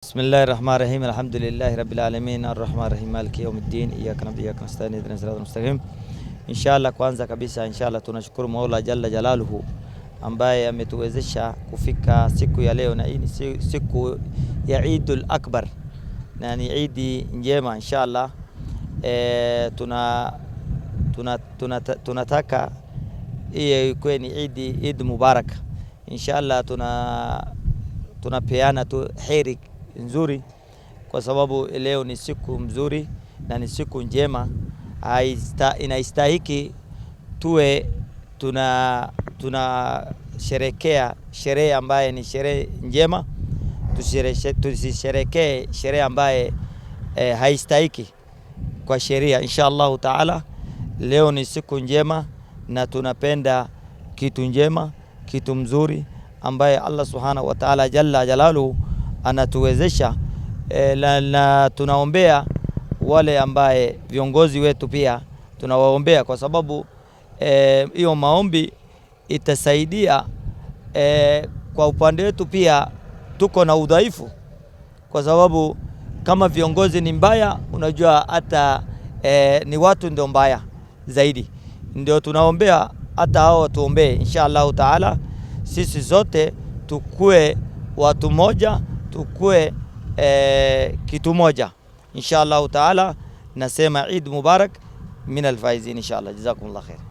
bismillahi rahmani rahim alhamdulillahi rabbil alamin arrahmani rahim maliki yawmiddin iyyaka na'budu wa iyyaka nasta'in ihdinas siratal mustaqim. Inshallah, kwanza kabisa inshallah tunashukuru Mola jalla jalaluhu ambaye ametuwezesha kufika siku ya leo, na hii ni siku ya Eidul Akbar na ni idi njema inshallah. E, tuna, tuna, tuna, tunataka hiyo ikuwe ni idi Eid Mubarak inshallah. Tuna tunapeana tu heri nzuri, kwa sababu leo ni siku mzuri na ni siku njema, inaistahiki tuwe tuna tunasherekea sherehe ambaye ni sherehe njema, tusisherekee sherehe ambaye e, haistahiki kwa sheria. Insha Allahu taala, leo ni siku njema na tunapenda kitu njema, kitu mzuri ambaye Allah subhanahu wa taala jalla jalaluhu anatuwezesha e, na, na tunaombea wale ambaye viongozi wetu pia tunawaombea kwa sababu eh, hiyo e, maombi itasaidia e, kwa upande wetu pia tuko na udhaifu, kwa sababu kama viongozi ni mbaya, unajua hata e, ni watu ndio mbaya zaidi, ndio tunaombea hata hao tuombee, insha taala, sisi zote tukue watu moja. tukue eh, kitu moja inshallah taala. Nasema Eid Mubarak min alfaizin inshallah Jazakumullah khair.